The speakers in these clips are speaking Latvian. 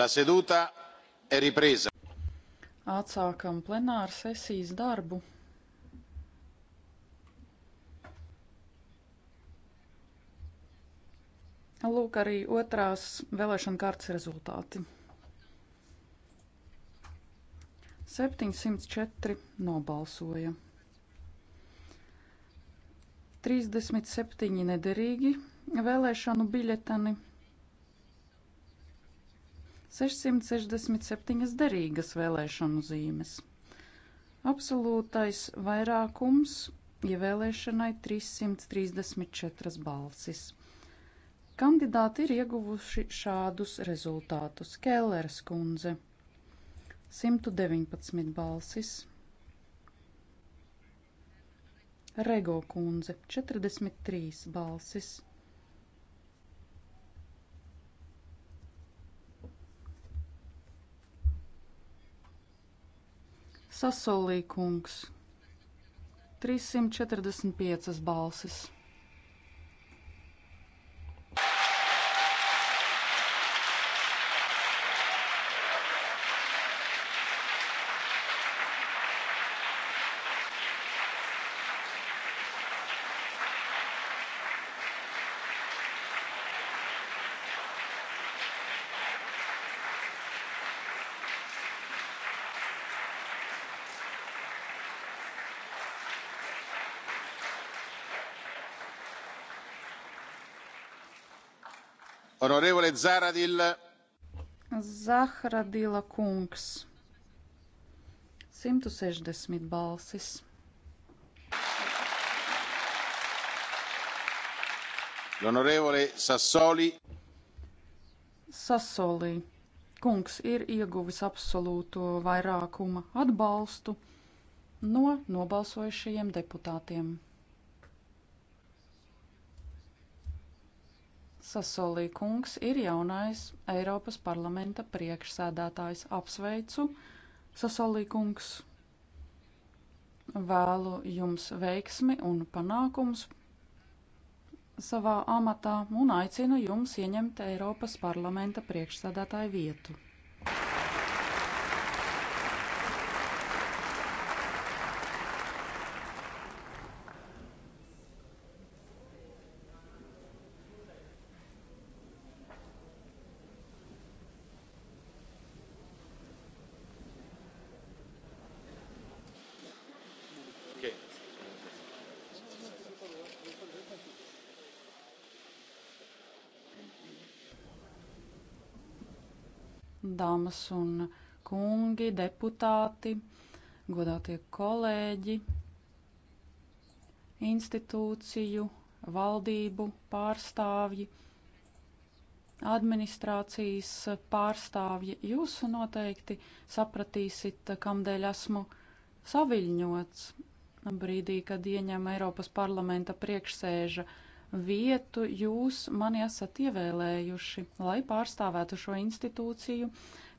La seduta ir ripresa. Atsākam plenāru sesijas darbu. Lūk, arī otrās vēlēšana kārtas rezultāti. 704 nobalsoja. 37 nederīgi vēlēšanu biļeteni 667 derīgas vēlēšanu zīmes. Absolūtais vairākums ievēlēšanai 334 balsis. Kandidāti ir ieguvuši šādus rezultātus. Kēlērs kundze 119 balsis, Rego kundze 43 balsis. Sasolī kungs 345 balsis. Honorevole Zahradil. Zahradila kungs. 160 balsis. L'onorevole Sassoli. Sassoli. Kungs ir ieguvis absolūto vairākuma atbalstu no nobalsojušajiem deputātiem. Sasolī kungs ir jaunais Eiropas parlamenta priekšsēdētājs. Apsveicu, Sasolī kungs! Vēlu jums veiksmi un panākums savā amatā un aicinu jums ieņemt Eiropas parlamenta priekšsēdētāju vietu. dāmas un kungi, deputāti, godātie kolēģi, institūciju, valdību pārstāvji, administrācijas pārstāvji. Jūs noteikti sapratīsiet, kamdēļ esmu saviļņots brīdī, kad ieņem Eiropas parlamenta priekšsēža vietu jūs mani esat ievēlējuši, lai pārstāvētu šo institūciju,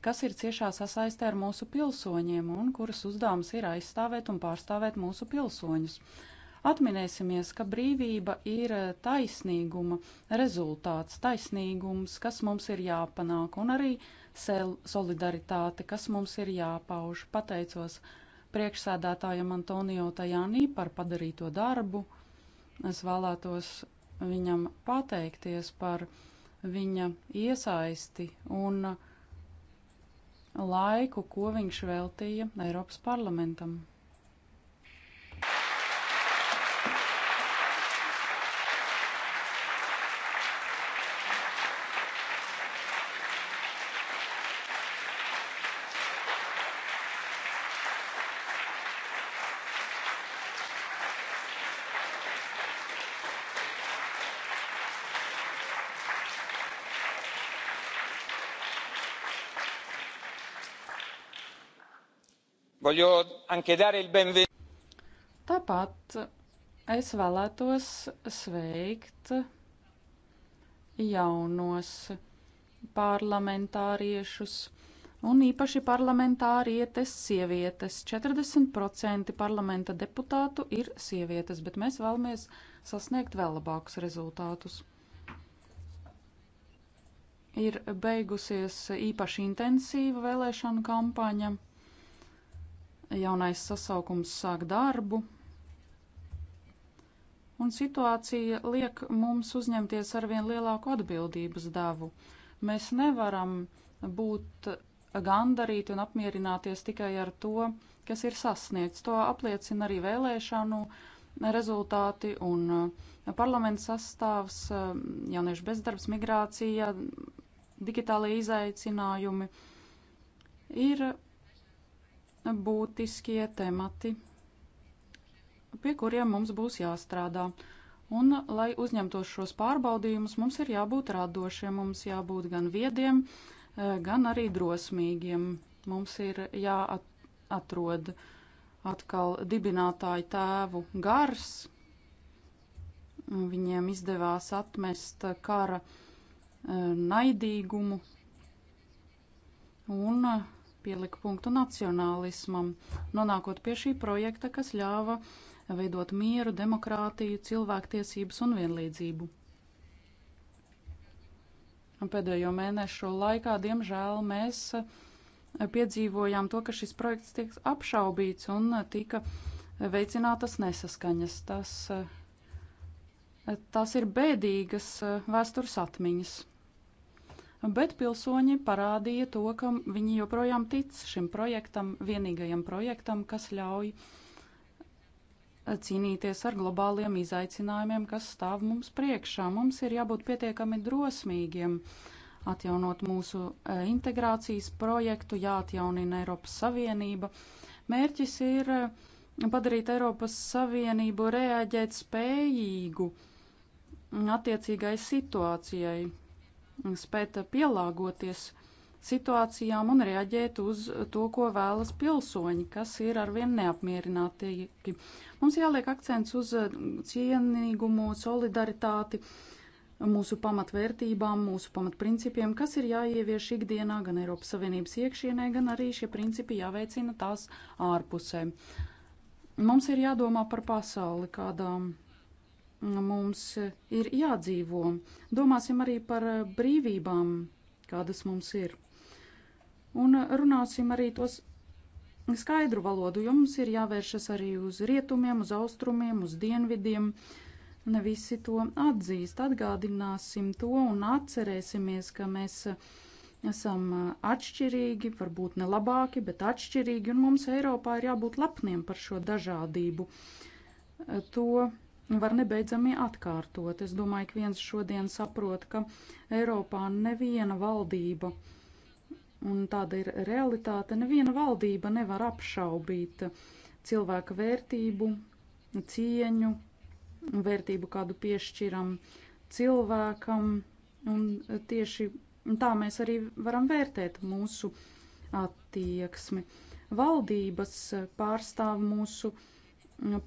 kas ir ciešā sasaistē ar mūsu pilsoņiem un kuras uzdevums ir aizstāvēt un pārstāvēt mūsu pilsoņus. Atminēsimies, ka brīvība ir taisnīguma rezultāts, taisnīgums, kas mums ir jāpanāk, un arī solidaritāte, kas mums ir jāpauž. Pateicos priekšsēdētājam Antonio Tajānī par padarīto darbu. Es vēlētos viņam pateikties par viņa iesaisti un laiku, ko viņš veltīja Eiropas parlamentam. Voglio anche dare il benvenuto. Tāpat es vēlētos sveikt jaunos parlamentāriešus un īpaši parlamentārietes sievietes. 40% parlamenta deputātu ir sievietes, bet mēs vēlamies sasniegt vēl labākus rezultātus. Ir beigusies īpaši intensīva vēlēšana kampaņa jaunais sasaukums sāk darbu, un situācija liek mums uzņemties arvien lielāku atbildības devu. Mēs nevaram būt gandarīti un apmierināties tikai ar to, kas ir sasniegts. To apliecina arī vēlēšanu rezultāti un eh, parlaments sastāvs, eh, jauniešu bezdarbs, migrācija, digitālie izaicinājumi. Ir būtiskie temati, pie kuriem mums būs jāstrādā. Un, lai uzņemtos šos pārbaudījumus, mums ir jābūt radošiem, mums jābūt gan viediem, eh, gan arī drosmīgiem. Mums ir jāatrod atkal dibinātāju tēvu gars. Viņiem izdevās atmest kara eh, naidīgumu un pielika punktu nacionālismam, nonākot pie šī projekta, kas ļāva veidot mieru, demokrātiju, cilvēktiesības un vienlīdzību. Pēdējo mēnešu laikā, diemžēl, mēs eh, piedzīvojām to, ka šis projekts tiek apšaubīts un eh, tika veicinātas nesaskaņas. Tas, eh, tas ir bēdīgas vēstures atmiņas bet pilsoņi parādīja to, ka viņi joprojām tic šim projektam, vienīgajam projektam, kas ļauj cīnīties ar globāliem izaicinājumiem, kas stāv mums priekšā. Mums ir jābūt pietiekami drosmīgiem, atjaunot mūsu e, integrācijas projektu, jāatjaunina Eiropas Savienība. Mērķis ir e, padarīt Eiropas Savienību reaģēt spējīgu attiecīgai situācijai, spēt pielāgoties situācijām un reaģēt uz to, ko vēlas pilsoņi, kas ir arvien neapmierinātīgi. Mums jāliek akcents uz cienīgumu, solidaritāti, mūsu pamatvērtībām, mūsu pamatprincipiem, kas ir jāievieš ikdienā gan Eiropas Savienības iekšienē, gan arī šie principi jāveicina tās ārpusē. Mums ir jādomā par pasauli, kādām mums ir jādzīvo. Domāsim arī par brīvībām, kādas mums ir. Un runāsim arī tos skaidru valodu, jo mums ir jāvēršas arī uz rietumiem, uz austrumiem, uz dienvidiem. Ne visi to atzīst. Atgādināsim to un atcerēsimies, ka mēs esam atšķirīgi, varbūt ne labāki, bet atšķirīgi, un mums Eiropā ir jābūt lepniem par šo dažādību. To var nebeidzami atkārtot. Es domāju, ka viens šodien saprot, ka Eiropā neviena valdība, un tāda ir realitāte, neviena valdība nevar apšaubīt cilvēka vērtību, cieņu, vērtību, kādu piešķiram cilvēkam, un tieši tā mēs arī varam vērtēt mūsu attieksmi. Valdības pārstāv mūsu uh,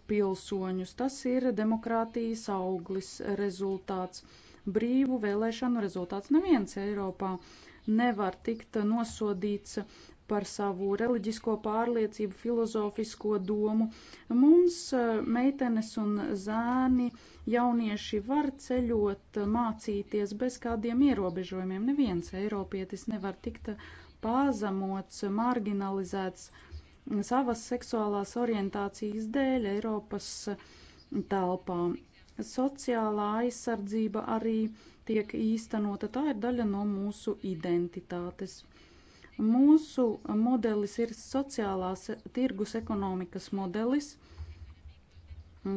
pilsoņus. Tas ir demokrātijas auglis rezultāts. Brīvu vēlēšanu rezultāts neviens Eiropā nevar tikt nosodīts par savu reliģisko pārliecību, filozofisko domu. Mums e, meitenes un zēni, jaunieši var ceļot, mācīties bez kādiem ierobežojumiem. Neviens eiropietis nevar tikt pāzemots, marginalizēts savas seksuālās orientācijas dēļ Eiropas telpā. Sociālā aizsardzība arī tiek īstenota, tā ir daļa no mūsu identitātes. Mūsu modelis ir sociālās tirgus ekonomikas modelis,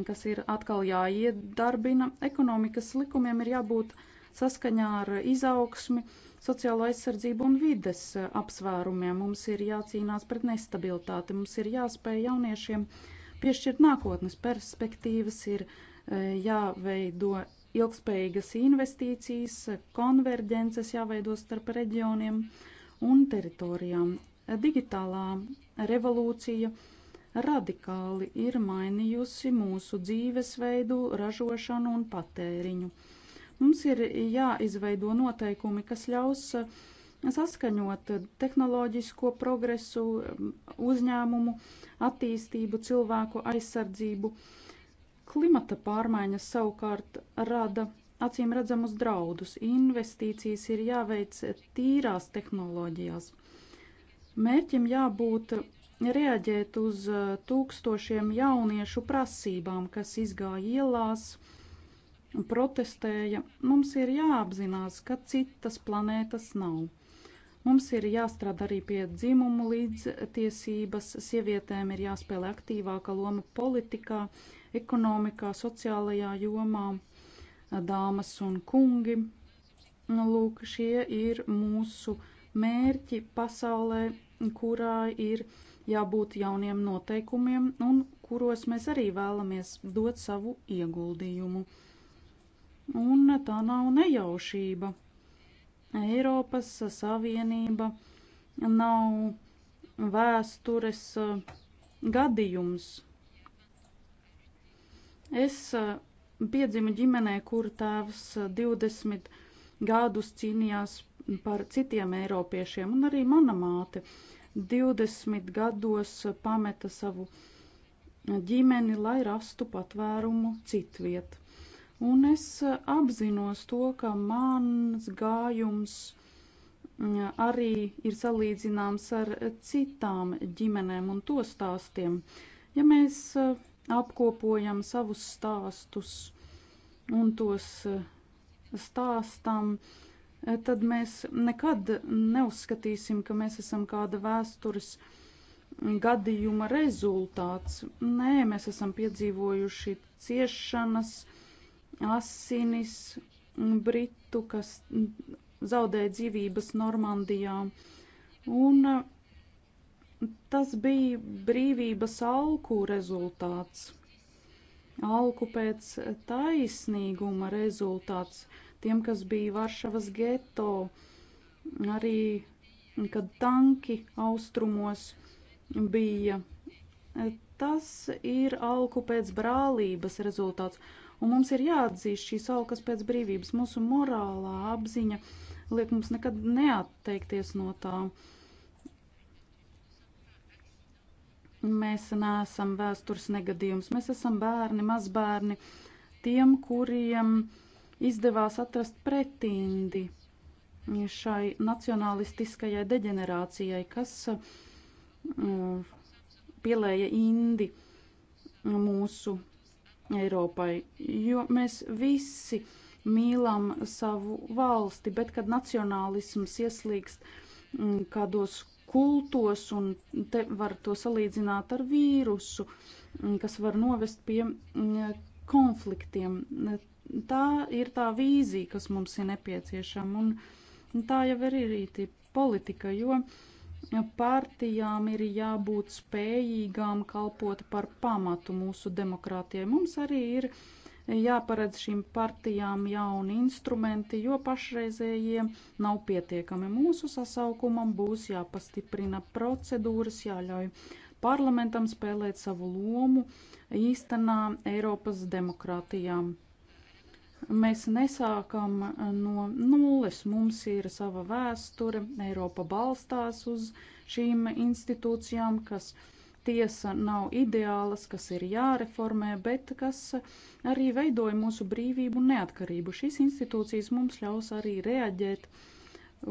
kas ir atkal jāiedarbina. Ekonomikas likumiem ir jābūt uh, saskaņā ar izaugsmi, sociālo aizsardzību un vides apsvērumiem. Mums ir jācīnās pret nestabilitāti, mums ir jāspēj jauniešiem piešķirt nākotnes perspektīvas, ir eh, jāveido ilgspējīgas investīcijas, konverģences jāveido starp reģioniem un teritorijām. Digitālā revolūcija radikāli ir mainījusi mūsu dzīvesveidu, ražošanu un patēriņu. Mums ir jāizveido noteikumi, kas ļaus uh, saskaņot uh, tehnoloģisko progresu, um, uzņēmumu attīstību, cilvēku aizsardzību. Klimata pārmaiņas savukārt rada acīm redzamus draudus. Investīcijas ir jāveic tīrās tehnoloģijās. Mērķim jābūt reaģēt uz uh, tūkstošiem jauniešu prasībām, kas izgāja ielās, protestēja, mums ir jāapzinās, ka citas planētas nav. Mums ir jāstrādā arī pie dzimumu līdztiesības, sievietēm ir jāspēlē aktīvāka loma politikā, ekonomikā, sociālajā jomā, dāmas un kungi. Nu, lūk, šie ir mūsu mērķi pasaulē, kurā ir jābūt jauniem noteikumiem un kuros mēs arī vēlamies dot savu ieguldījumu un tā nav nejaušība. Eiropas Savienība nav vēstures uh, gadījums. Es uh, piedzimu ģimenē, kur tēvs 20 uh, gadus cīnījās par citiem eiropiešiem, un arī mana māte 20 gados pameta savu ģimeni, lai rastu patvērumu citviet. Un es eh, apzinos to, ka mans gājums mm, arī ir salīdzināms ar citām ģimenēm un to stāstiem. Ja mēs eh, apkopojam savus stāstus un tos eh, stāstam, tad mēs nekad neuzskatīsim, ka mēs esam kāda vēstures gadījuma rezultāts. Nē, mēs esam piedzīvojuši ciešanas, uh, asinis britu, kas zaudēja dzīvības Normandijā. Un uh, tas bija brīvības alku rezultāts. Alku pēc taisnīguma rezultāts tiem, kas bija Varšavas geto, arī kad tanki austrumos bija. Tas ir alku pēc brālības rezultāts. Un mums ir jāatzīst šī saukas pēc brīvības. Mūsu morālā apziņa liek mums nekad neatteikties no tā. Mēs neesam vēstures negadījums, mēs esam bērni, mazbērni, tiem, kuriem izdevās atrast pretindi šai nacionalistiskajai deģenerācijai, kas mm, pielēja indi mūsu Eiropai, jo mēs visi mīlam savu valsti, bet kad nacionālisms ieslīgst mm, kādos kultos, un te var to salīdzināt ar vīrusu, mm, kas var novest pie mm, konfliktiem. Tā ir tā vīzija, kas mums ir nepieciešama, un tā jau ir arī politika, jo uh, Partijām ir jābūt spējīgām kalpot par pamatu mūsu demokrātijai. Mums arī ir jāparedz šīm partijām jauni instrumenti, jo pašreizējie nav pietiekami. Mūsu sasaukumam būs jāpastiprina procedūras, jāļauj parlamentam spēlēt savu lomu īstenā Eiropas demokrātijām. Mēs nesākam uh, no nulles. Mums ir sava vēsture. Eiropa balstās uz šīm institūcijām, kas tiesa nav ideālas, kas ir jāreformē, bet kas arī veidoja mūsu brīvību un neatkarību. Šīs institūcijas mums ļaus arī reaģēt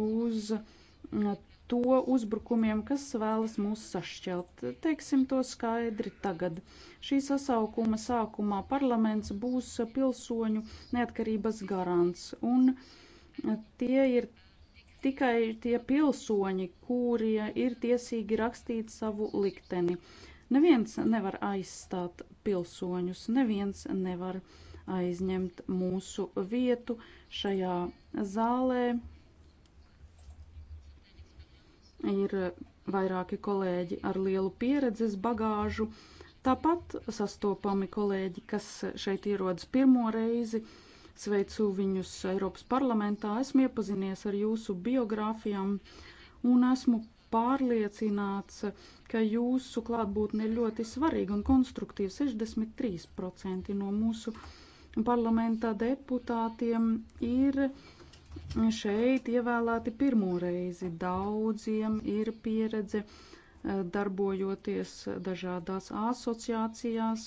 uz uh, to uzbrukumiem, kas vēlas mūs sašķelt. Teiksim to skaidri tagad. Šī sasaukuma sākumā parlaments būs pilsoņu neatkarības garants, un tie ir tikai tie pilsoņi, kurie ir tiesīgi rakstīt savu likteni. Neviens nevar aizstāt pilsoņus, neviens nevar aizņemt mūsu vietu šajā zālē, ir vairāki kolēģi ar lielu pieredzes bagāžu. Tāpat sastopami kolēģi, kas šeit ierodas pirmo reizi. Sveicu viņus Eiropas parlamentā. Esmu iepazinies ar jūsu biogrāfijām un esmu pārliecināts, ka jūsu klātbūtne ir ļoti svarīga un konstruktīva. 63% no mūsu parlamentā deputātiem ir šeit ievēlēti pirmo reizi. Daudziem ir pieredze eh, darbojoties dažādās asociācijās.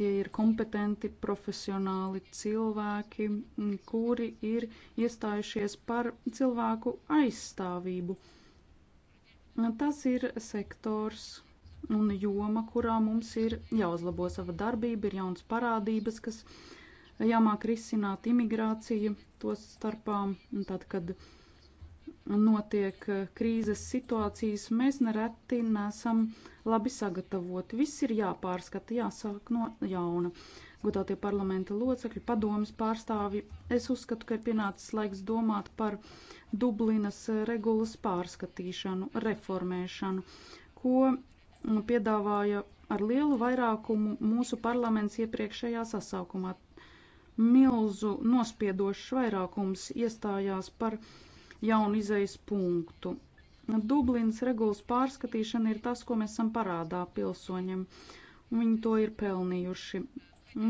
Tie ir kompetenti, profesionāli cilvēki, kuri ir iestājušies par cilvēku aizstāvību. Tas ir sektors un joma, kurā mums ir jāuzlabo sava darbība, ir jauns parādības, kas uh, jāmāk risināt imigrāciju tos starpām, tad, kad notiek eh, krīzes situācijas, mēs nereti nesam labi sagatavoti. Viss ir jāpārskata, jāsāk no jauna. Godātie parlamenta locekļi, padomas pārstāvi, es uzskatu, ka ir pienācis laiks domāt par Dublinas eh, regulas pārskatīšanu, reformēšanu, ko piedāvāja ar lielu vairākumu mūsu parlaments iepriekšējā sasaukumā milzu nospiedošs vairākums iestājās par jaunu izejas punktu. Dublinas regulas pārskatīšana ir tas, ko mēs esam parādā pilsoņiem. Viņi to ir pelnījuši.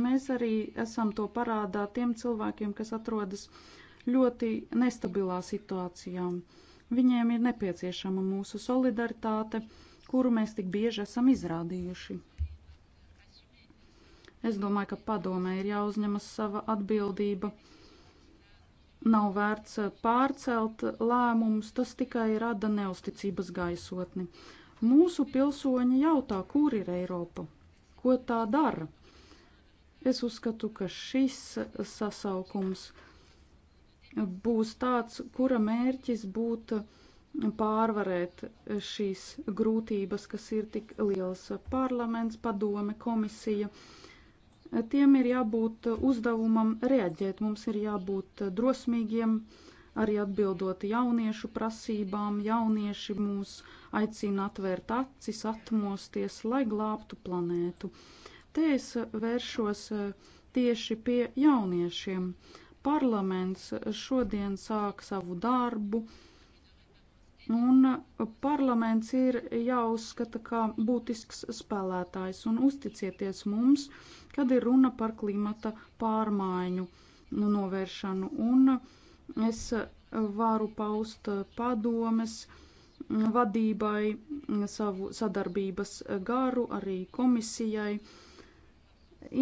Mēs arī esam to parādā tiem cilvēkiem, kas atrodas ļoti nestabilā situācijā. Viņiem ir nepieciešama mūsu solidaritāte, kuru mēs tik bieži esam izrādījuši. Es domāju, ka padomē ir jāuzņemas sava atbildība. Nav vērts eh, pārcelt lēmumus, tas tikai rada neusticības gaisotni. Mūsu pilsoņi jautā, kur ir Eiropa, ko tā dara. Es uzskatu, ka šis sasaukums būs tāds, kura mērķis būtu pārvarēt šīs grūtības, kas ir tik liels parlaments, padome, komisija. Uh, tiem ir jābūt uzdevumam reaģēt. Mums ir jābūt drosmīgiem, arī atbildot jauniešu prasībām. Jaunieši mūs aicina atvērt acis, atmosties, lai glābtu planētu. Te es vēršos e, tieši pie jauniešiem. Parlaments šodien sāk savu darbu Un parlaments ir jāuzskata kā būtisks spēlētājs un uzticieties mums, kad ir runa par klimata pārmaiņu nu, novēršanu. Un es varu paust padomes vadībai savu sadarbības garu arī komisijai.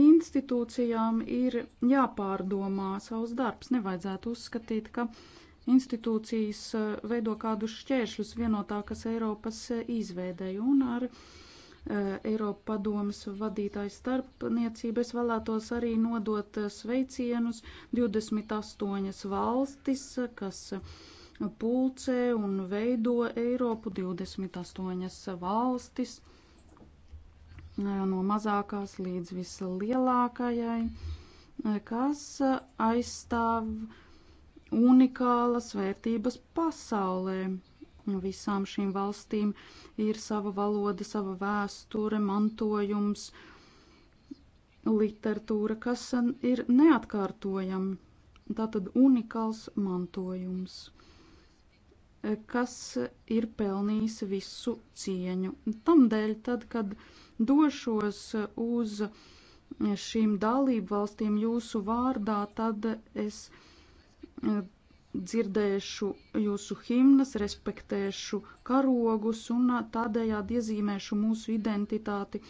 Institūcijām ir jāpārdomā savs darbs. Nevajadzētu uzskatīt, ka uh, institūcijas eh, veido kādus šķēršļus vienotākas Eiropas eh, izveidēju un ar eh, Eiropa padomas vadītāju starpniecību. Es vēlētos arī nodot sveicienus 28 valstis, kas pulcē un veido Eiropu 28 valstis no mazākās līdz vislielākajai, kas aizstāv uh, unikālas vērtības pasaulē. Visām šīm valstīm ir sava valoda, sava vēsture, mantojums, literatūra, kas ir neatkārtojama. Tātad unikāls mantojums, kas ir pelnījis visu cieņu. Tamdēļ, tad, kad došos uz šīm dalību valstīm jūsu vārdā, tad es dzirdēšu jūsu himnas, respektēšu karogus un tādējādi iezīmēšu mūsu identitāti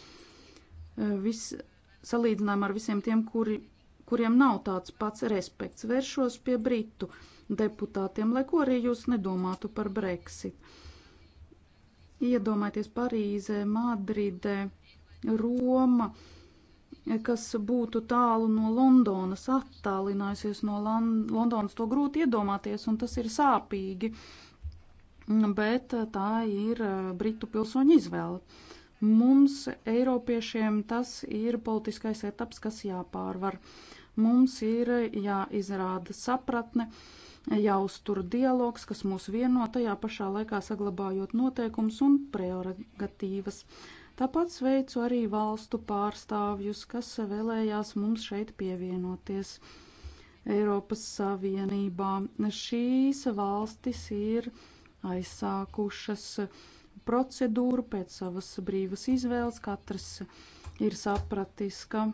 vis, salīdzinājumā ar visiem tiem, kuri, kuriem nav tāds pats respekts. Vēršos pie britu deputātiem, lai ko arī jūs nedomātu par Brexit. Iedomājieties Parīzē, Madridē, Roma. Uh, kas būtu tālu no Londonas, attālinājusies no Londonas. To grūti iedomāties, un tas ir sāpīgi. Bet tā ir uh, Britu pilsoņu izvēle. Mums, Eiropiešiem, tas ir politiskais etaps, kas jāpārvar. Mums ir jāizrāda sapratne, jāuztur dialogs, kas mūs vieno tajā pašā laikā saglabājot noteikums un prerogatīvas. Uh, Tāpat sveicu arī valstu pārstāvjus, kas vēlējās mums šeit pievienoties Eiropas Savienībā. Šīs valstis ir aizsākušas procedūru pēc savas brīvas izvēles. Katrs ir sapratis, ka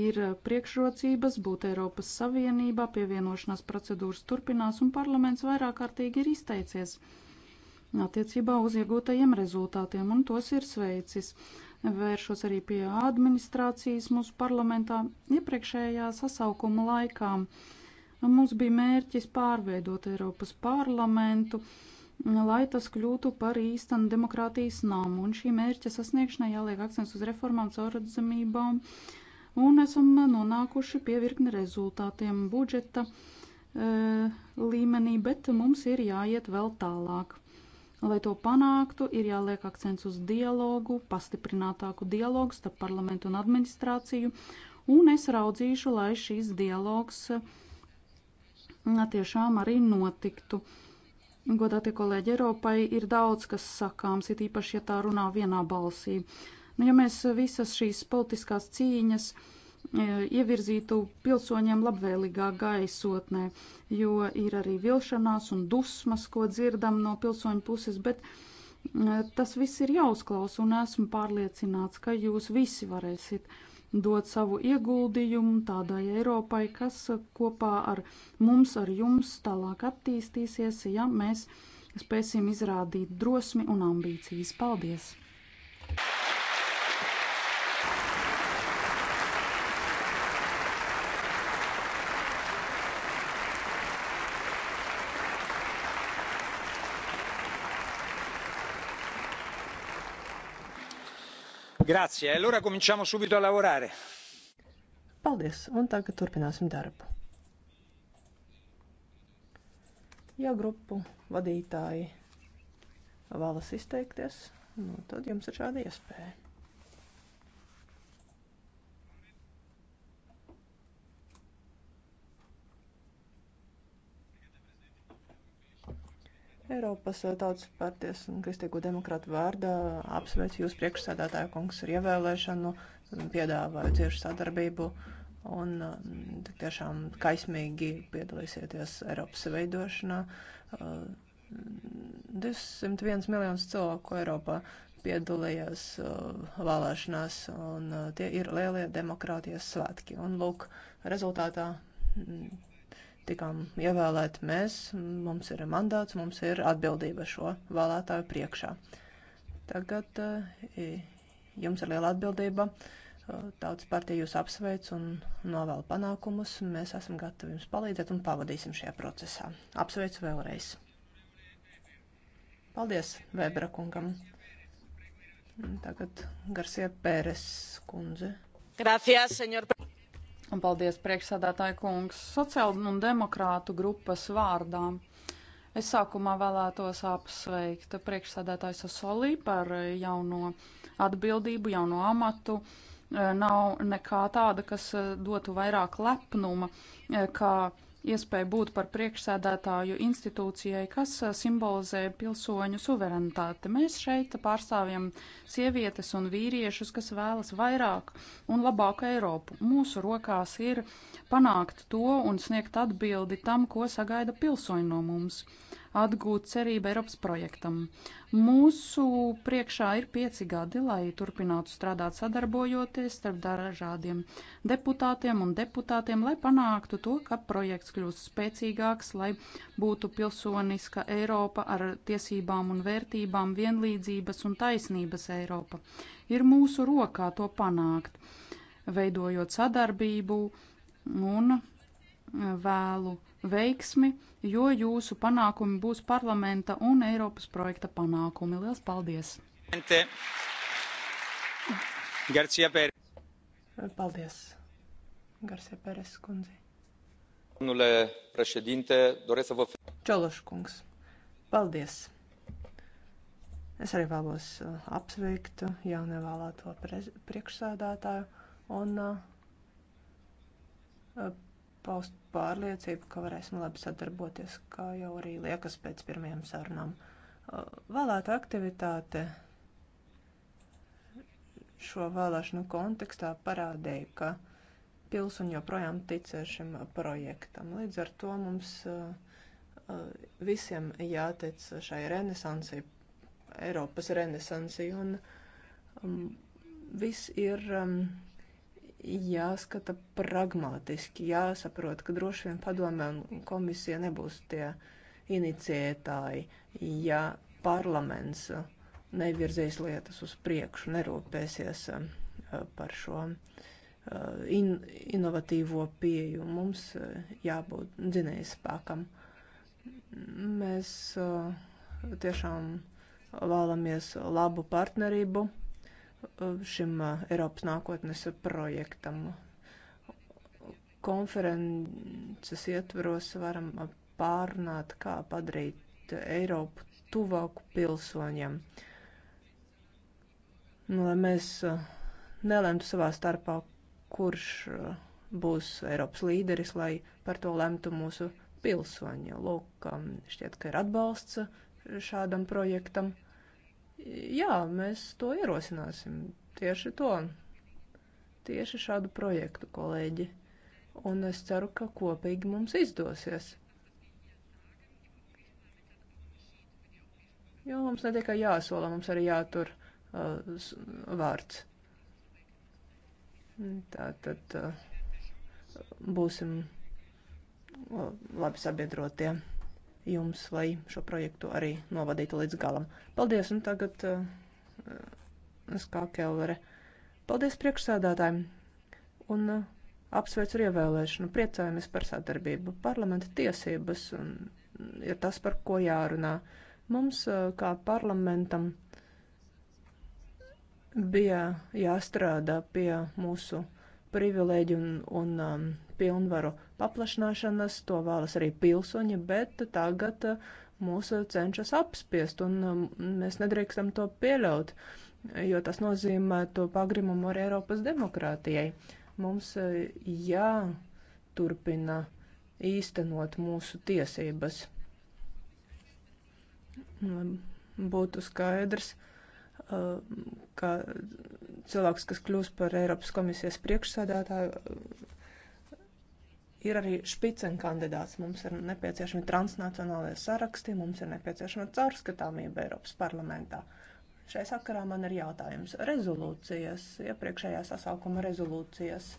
ir priekšrocības būt Eiropas Savienībā, pievienošanās procedūras turpinās un parlaments vairāk kārtīgi ir izteicies attiecībā uz iegūtajiem rezultātiem, un tos ir sveicis. Vēršos arī pie administrācijas mūsu parlamentā iepriekšējā sasaukuma laikā. Mums bija mērķis pārveidot Eiropas parlamentu, lai tas kļūtu par īstenu demokrātijas namu, un šī mērķa sasniegšanai jāliek akcents uz reformām, caurredzamībām, un esam nonākuši pie virkni rezultātiem budžeta e, līmenī, bet mums ir jāiet vēl tālāk. Lai to panāktu, ir jāliek akcents uz dialogu, pastiprinātāku dialogu starp parlamentu un administrāciju, un es raudzīšu, lai šīs dialogs tiešām arī notiktu. Godātie kolēģi, Eiropai ir daudz, kas sakāms, ir īpaši, ja tā runā vienā balsī. Nu, ja mēs visas šīs politiskās cīņas uh, E, ievirzītu pilsoņiem labvēlīgā gaisotnē, jo ir arī vilšanās un dusmas, ko dzirdam no pilsoņu puses, bet e, tas viss ir jāuzklausa un esmu pārliecināts, ka jūs visi varēsiet dot savu ieguldījumu tādai Eiropai, kas kopā ar mums, ar jums tālāk attīstīsies, ja mēs spēsim izrādīt drosmi un ambīcijas. Paldies! Grazie, allora cominciamo subito a lavorare. Paldies, un tagad turpināsim darbu. Ja grupu vadītāji vēlas izteikties, nu, tad jums ir šāda iespēja. Eiropas Tautas partijas un Kristīgo demokrātu vārdā apsveicu jūs priekšsēdētāju kungs ar ievēlēšanu, piedāvāju ciešu sadarbību un mm, tiešām kaismīgi piedalīsieties Eiropas veidošanā. 201 mm, miljonus cilvēku Eiropā piedalījās vēlēšanās, un tie ir lielie demokrātijas svētki. Un lūk, rezultātā mm, tikām ievēlēti mēs, mums ir mandāts, mums ir atbildība šo vēlētāju priekšā. Tagad eh, jums ir liela atbildība. Eh, tautas partija jūs apsveic un novēl panākumus. Mēs esam gatavi jums palīdzēt un pavadīsim šajā procesā. Apsveicu vēlreiz. Paldies Vēbra kungam. Tagad Garsie Pēres kundze. Gracias, señor. Un paldies priekšsādātāju kungs sociālu un demokrātu grupas vārdā. Es sākumā vēlētos apsveikt priekšsādātāju Sasolī par jauno atbildību, jauno amatu. Nav nekā tāda, kas dotu vairāk lepnuma, kā ka iespēju būt par priekšsēdētāju institūcijai, kas uh, simbolizē pilsoņu suverenitāti. Mēs šeit pārstāvjam sievietes un vīriešus, kas vēlas vairāk un labāku Eiropu. Mūsu rokās ir panākt to un sniegt atbildi tam, ko sagaida pilsoņi no mums atgūt cerību Eiropas projektam. Mūsu priekšā ir pieci gadi, lai turpinātu strādāt sadarbojoties starp dažādiem deputātiem un deputātiem, lai panāktu to, ka projekts kļūst spēcīgāks, lai būtu pilsoniska Eiropa ar tiesībām un vērtībām, vienlīdzības un taisnības Eiropa. Ir mūsu rokā to panākt, veidojot sadarbību un vēlu veiksmi jo jūsu panākumi būs parlamenta un Eiropas projekta panākumi. Lielas paldies! Paldies, Garcia Pērēs kundze. Domnule președinte, doresc să vă... Cioloș kungs, paldies! Es arī vēlos uh, apsveikt uh, jaunievēlēto priekšsēdētāju un uh, paust pārliecību, ka varēsim labi sadarboties, kā jau arī liekas pēc pirmajām sarunām. Vēlēta aktivitāte šo vēlēšanu kontekstā parādīja, ka pilsoņi joprojām ticē šim projektam. Līdz ar to mums visiem jātic šai renesansai, Eiropas renesansai, un viss ir jāskata pragmatiski, jāsaprot, ka droši vien padome un komisija nebūs tie iniciētāji, ja parlaments nevirzīs lietas uz priekšu, nerūpēsies eh, par šo eh, in, inovatīvo pieju. Mums eh, jābūt dzinējspēkam. Mēs tiešām vēlamies labu partnerību šim Eiropas nākotnes projektam. Konferences ietvaros varam pārnāt, kā padarīt Eiropu tuvāku pilsoņiem. Nu, lai mēs nelemtu savā starpā, kurš būs Eiropas līderis, lai par to lemtu mūsu pilsoņi. Lūk, šķiet, ka ir atbalsts šādam projektam. Jā, mēs to ierosināsim. Tieši to. Tieši šādu projektu, kolēģi. Un es ceru, ka kopīgi mums izdosies. Jo mums ne tikai jāsola, mums arī jātur uh, vārds. Tā tad uh, būsim uh, labi sabiedrotie. Ja jums, lai šo projektu arī novadītu līdz galam. Paldies, un tagad uh, eh, Skā Kellere. Paldies priekšsēdātājiem un uh, apsveicu ar ievēlēšanu. Priecājamies par sadarbību. Parlamenta tiesības un, ir tas, par ko jārunā. Mums, uh, kā parlamentam, bija jāstrādā pie mūsu privilēģi un, un um, pilnvaru paplašināšanas, to vēlas arī pilsoņi, bet tagad uh, mūs uh, cenšas apspiest, un um, mēs nedrīkstam to pieļaut, jo tas nozīmē to pagrimumu arī Eiropas demokrātijai. Mums uh, jāturpina īstenot mūsu tiesības. Um, būtu skaidrs, ka cilvēks, kas kļūs par Eiropas komisijas priekšsēdētāju, ir arī špicen kandidāts. Mums ir nepieciešami transnacionālie saraksti, mums ir nepieciešama caurskatāmība Eiropas parlamentā. Šai sakarā man ir jautājums. Rezolūcijas, iepriekšējā sasaukuma rezolūcijas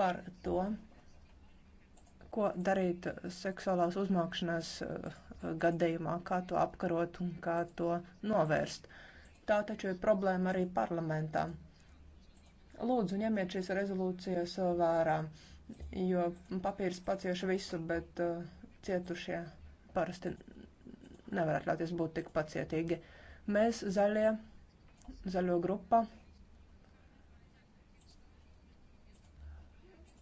par to, ko darīt seksuālās uzmākšanās uh, gadījumā, kā to apkarot un kā to novērst. Tā taču ir problēma arī parlamentā. Lūdzu, ņemiet šīs rezolūcijas uh, vērā. Uh, jo papīrs pacieši visu, bet uh, cietušie parasti nevar atļauties būt tik pacietīgi. Mēs zaļie, zaļo grupa,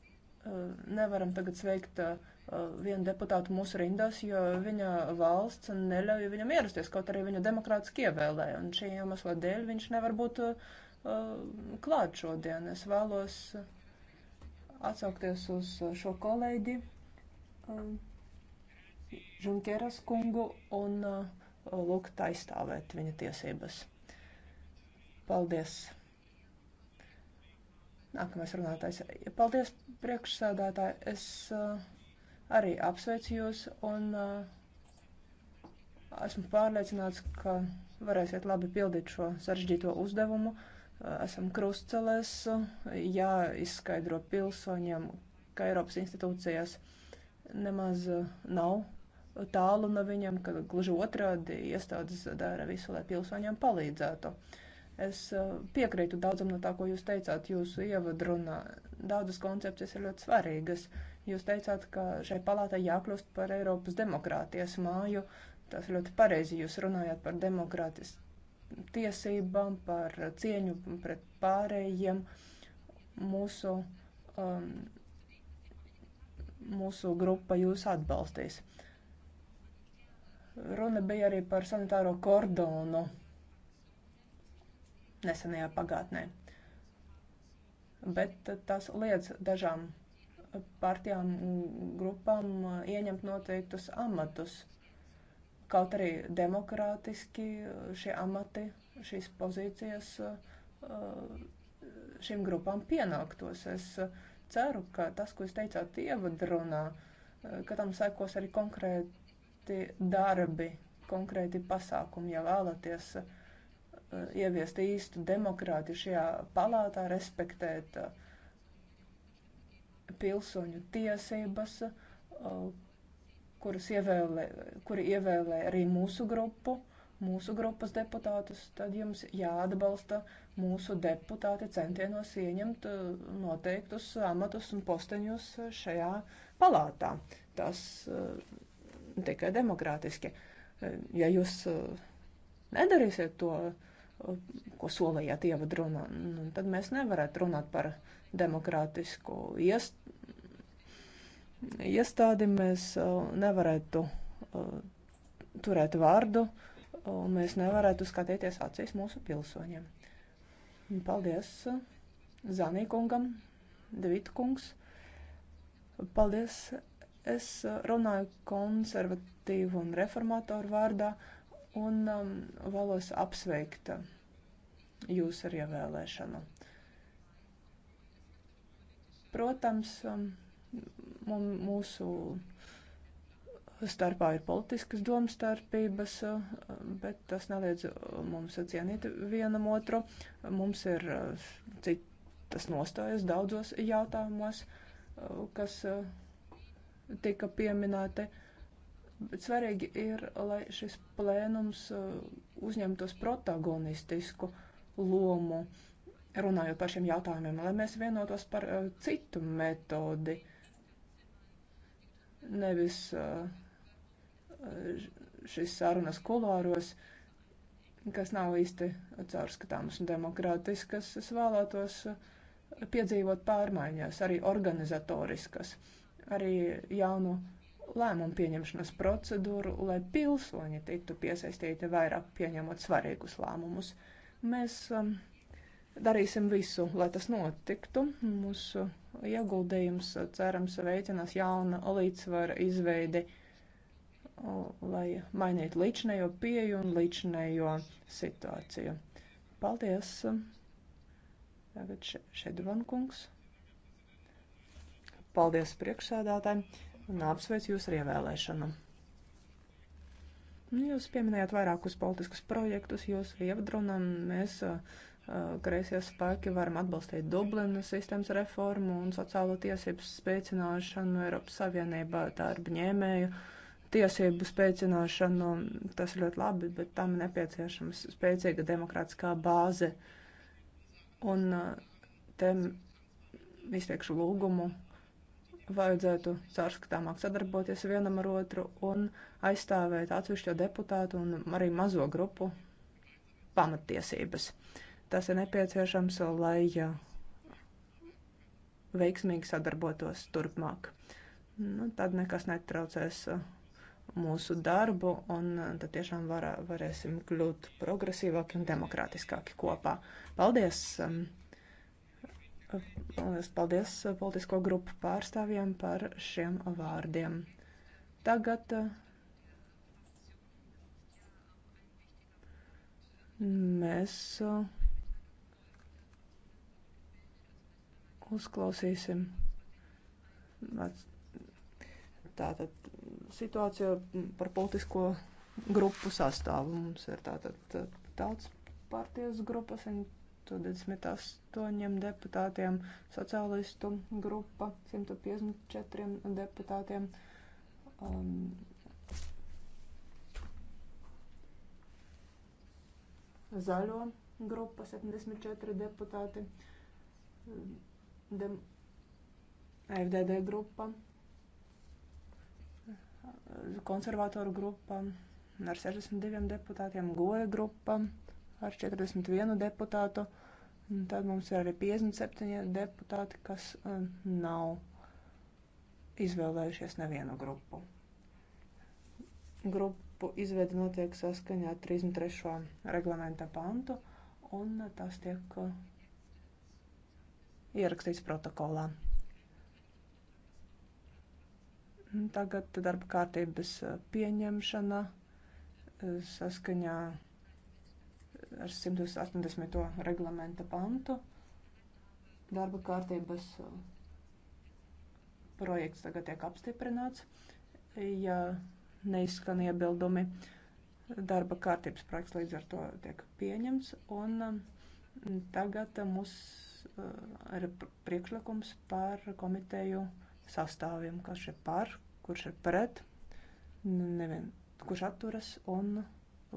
uh, nevaram tagad sveikt uh, uh vienu deputātu mūsu rindās, jo viņa valsts neļauj viņam ierasties, kaut arī viņa demokrātiski ievēlē, un šī iemesla dēļ viņš nevar būt uh, uh klāt šodien. Es vēlos. Uh, atsaukties uz šo kolēģi Žunkeras um, kungu un uh, lūgt aizstāvēt viņa tiesības. Paldies! Nākamais runātājs. Paldies, priekšsēdētāji. Es uh, arī apsveicu jūs un uh, esmu pārliecināts, ka varēsiet labi pildīt šo sarežģīto uzdevumu. Uh, esam krustcelēs, jāizskaidro pilsoņiem, ka Eiropas institūcijas nemaz eh, nav tālu no viņiem, ka gluži otrādi iestādes dara visu, lai pilsoņiem palīdzētu. Es eh, piekrītu daudzam no tā, ko jūs teicāt jūsu ievadrunā. Daudzas koncepcijas ir ļoti svarīgas. Jūs teicāt, ka šai palātai jākļūst par Eiropas demokrātijas māju. Tas ļoti pareizi jūs runājāt par demokrātisku tiesībām, par cieņu pret pārējiem, mūsu, um, mūsu grupa jūs atbalstīs. Runa bija arī par sanitāro kordonu nesenajā pagātnē. Bet tas liedz dažām partijām, grupām ieņemt noteiktus amatus Kaut arī demokrātiski šie amati, šīs pozīcijas eh, šīm grupām pienāktos. Es eh, ceru, ka tas, ko jūs teicāt ievadrunā, eh, ka tam sekos arī konkrēti darbi, konkrēti pasākumi, ja vēlaties ieviest īstu demokrātiju šajā palātā, respektēt pilsoņu tiesības, kurus ievēlē, kuri ievēlē arī mūsu grupu, mūsu grupas deputātus, tad jums jāatbalsta mūsu deputāti centienos ieņemt uh, noteiktus amatus un posteņus šajā palātā. Tas uh, tikai demokrātiski. Uh, ja jūs nedarīsiet to, ko solījāt ievadrunā, nu, tad mēs nevarētu runāt par demokrātisku iestādi iestādi mēs uh, nevarētu uh, turēt vārdu, un uh, mēs nevarētu skatīties acīs mūsu pilsoņiem. Paldies Zanīkungam, Devitkungs. Paldies! Es runāju konservatīvu un reformatoru vārdā un um, vēlos apsveikt jūs ar ievēlēšanu. Protams, um, Mūsu starpā ir politiskas domstarpības, bet tas neliedz mums cienīt vienam otru. Mums ir citas nostājas daudzos jautājumos, kas tika pieminēti. Bet svarīgi ir, lai šis plēnums uzņemtos protagonistisku lomu, runājot par šiem jautājumiem, lai mēs vienotos par citu metodi nevis šīs sarunas kulāros, kas nav īsti caurskatāmas un demokrātiskas. Es vēlētos piedzīvot pārmaiņas, arī organizatoriskas, arī jaunu lēmumu pieņemšanas procedūru, lai pilsoņi tiktu piesaistīti vairāk pieņemot svarīgus lēmumus. Mēs um, darīsim visu, lai tas notiktu. Mūsu ieguldījums cerams veicinās jauna līdzsvara izveidi, lai mainītu līdzinējo pieju un līdzinējo situāciju. Paldies! Tagad Šedvan kungs. Paldies priekšsēdātājiem un apsveicu jūs ar ievēlēšanu. Nu, jūs pieminējāt vairākus politiskus projektus, jūs ievadrunam, mēs uh, Eh, kreisie spēki varam atbalstīt Dublinas sistēmas reformu un sociālo tiesību spēcināšanu Eiropas Savienībā darba ņēmēju tiesību spēcināšanu. Tas ļoti labi, bet tam nepieciešama spēcīga demokrātiskā bāze. Un eh, te izteikšu lūgumu vajadzētu caurskatāmāk sadarboties vienam ar otru un aizstāvēt atsevišķo deputātu un arī mazo grupu pamatiesības. Uh, Tas ir nepieciešams, lai veiksmīgi sadarbotos turpmāk. Nu, tad nekas netraucēs uh, mūsu darbu, un uh, tad tiešām var, varēsim kļūt progresīvāki un demokrātiskāki kopā. Paldies! Um, paldies, paldies uh, politisko grupu pārstāvjiem par šiem vārdiem. Tagad mēs. Uh, uzklausīsim. Tātad situācija par politisko grupu sastāvu mums ir tātad tautas partijas grupas 128 deputātiem, sociālistu grupa 154 deputātiem. Um, Zaļo grupa 74 deputāti, de FDD grupa, konservatoru grupa ar 62 deputātiem, goja grupa ar 41 deputātu, un tad mums ir arī 57 deputāti, kas nav izvēlējušies nevienu grupu. Grupu izveida notiek saskaņā 33. reglamenta pantu, un tas tiek ierakstīts protokolā. Tagad darba kārtības uh, pieņemšana uh, saskaņā uh, ar 180. reglamenta pantu. Darba kārtības projekts tagad tiek apstiprināts. Ja neizskan iebildumi, darba kārtības projekts līdz ar to tiek pieņemts. Un um, tagad mums ir eh, priekšlikums par komiteju sastāviem, kas ir par, kurš ir pret, nu, nevien, kurš atturas, un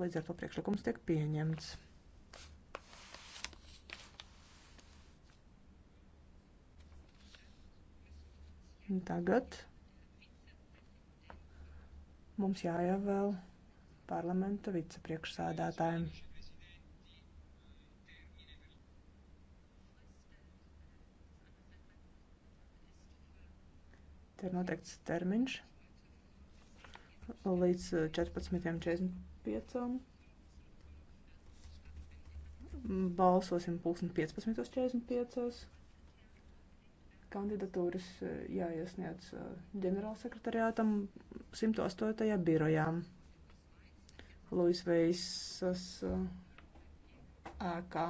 līdz ar to priekšlikums tiek pieņemts. Tagad mums jāievēl parlamenta vicepriekšsādātājiem. Te ir noteikts termiņš līdz 14.45. Eh, Balsosim pulksten 15.45. Kandidatūras eh, jāiesniedz eh, ģenerālsekretariātam 108. birojā. Luis Veisas ēkā.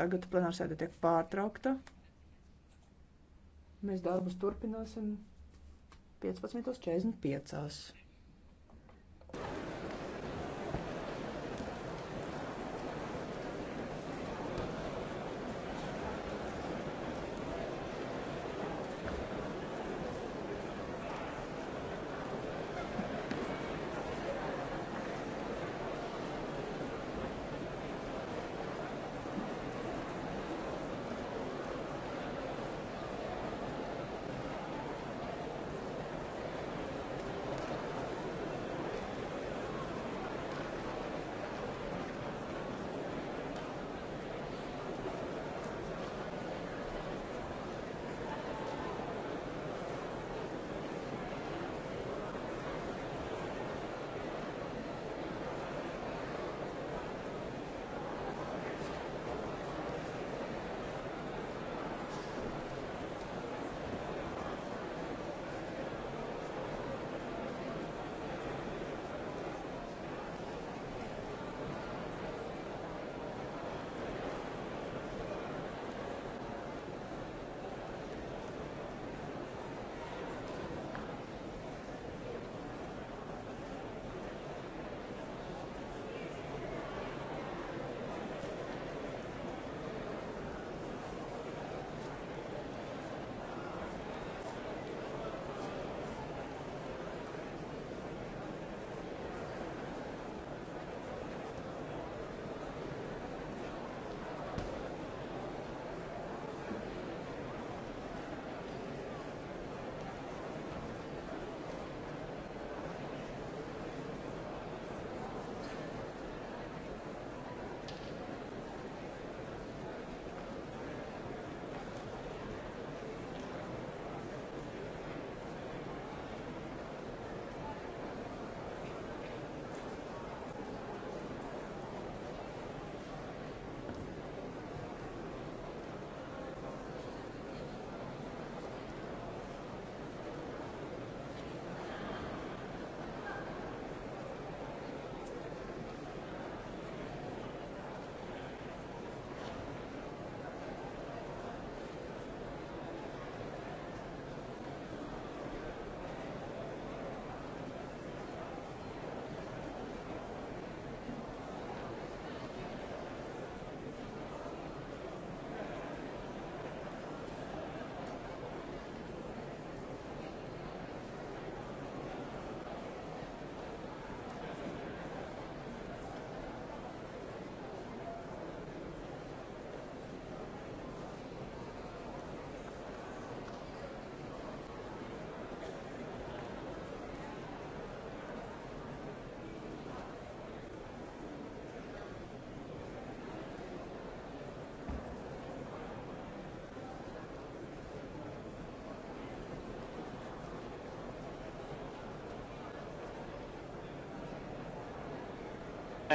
Tagad plenārsēde tiek pārtraukta. Mēs darbus turpināsim 15.45.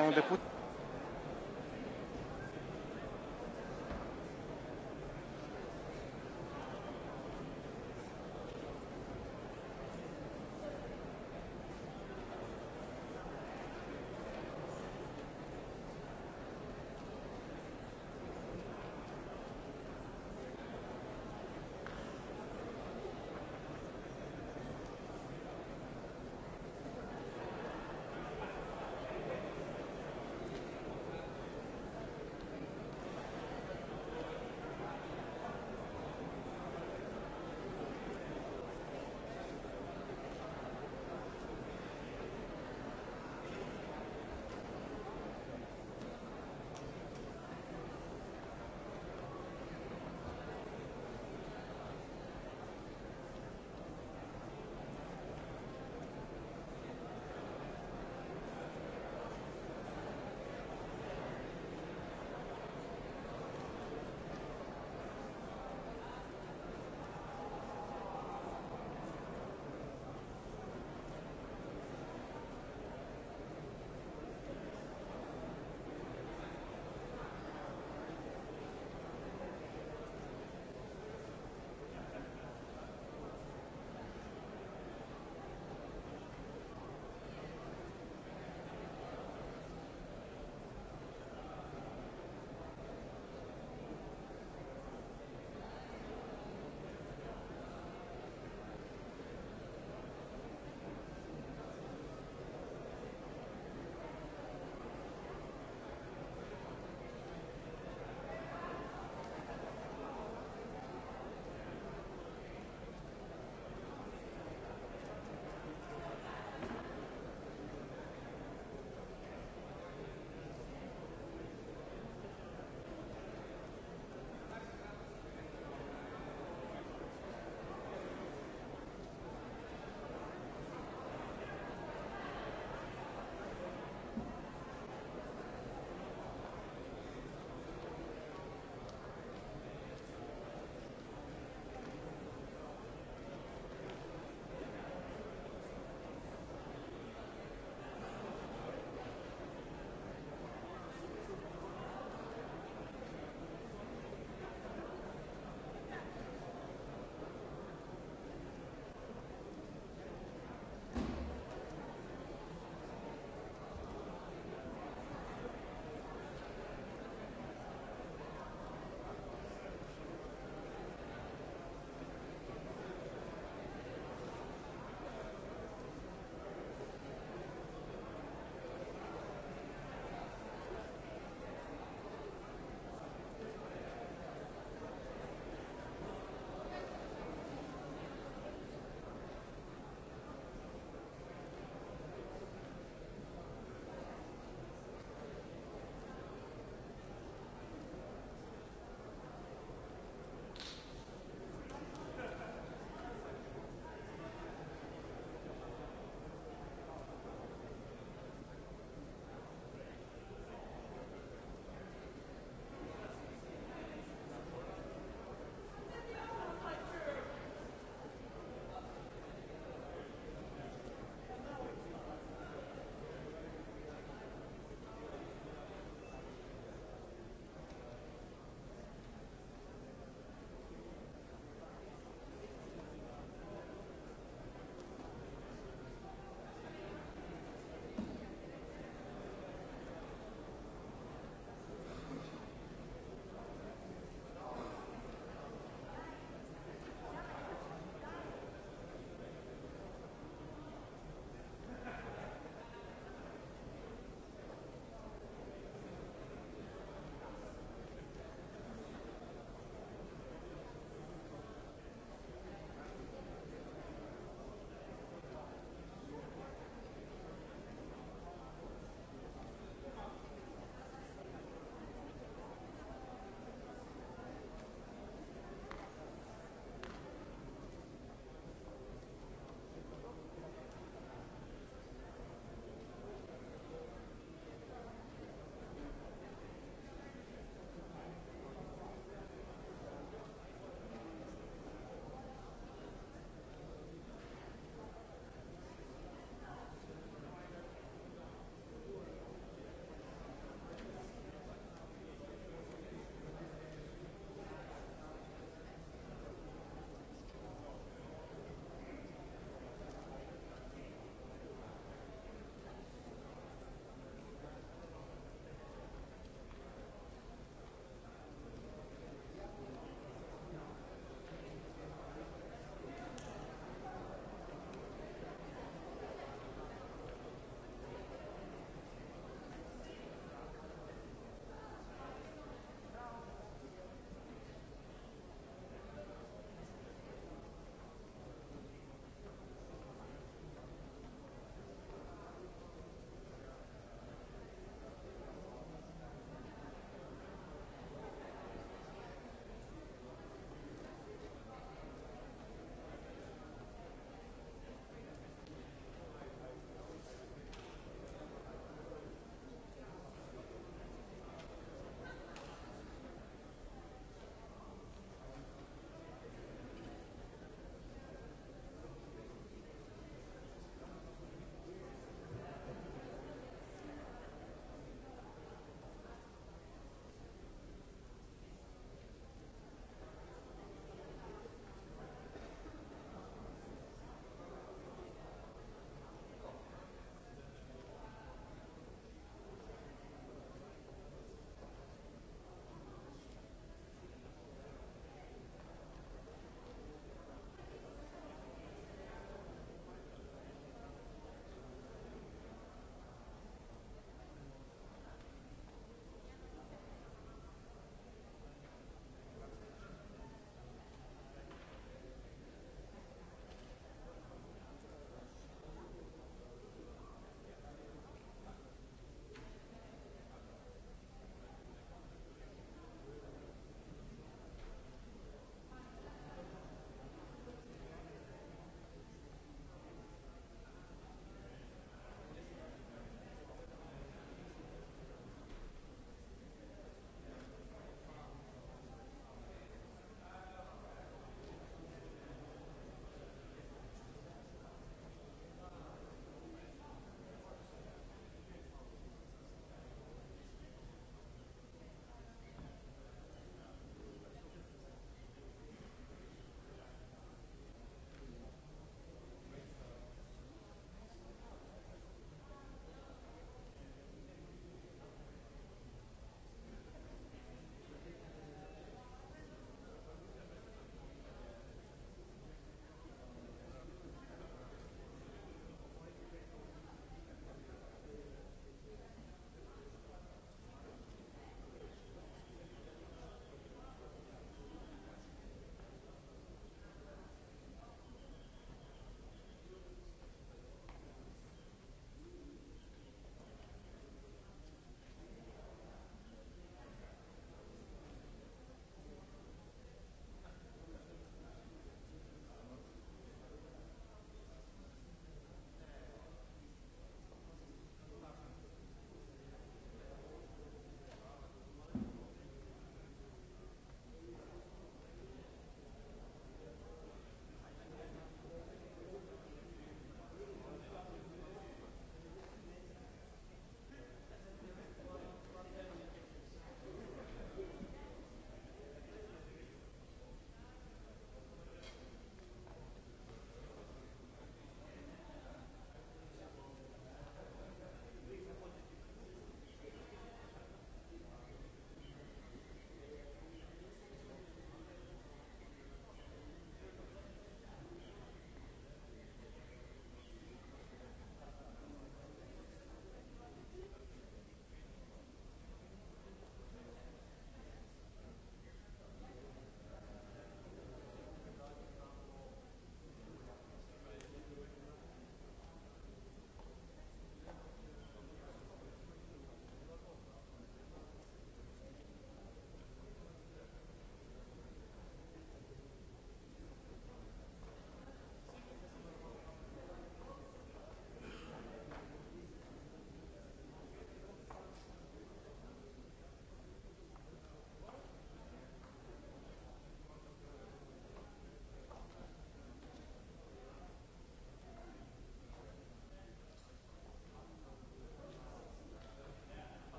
un um deputat.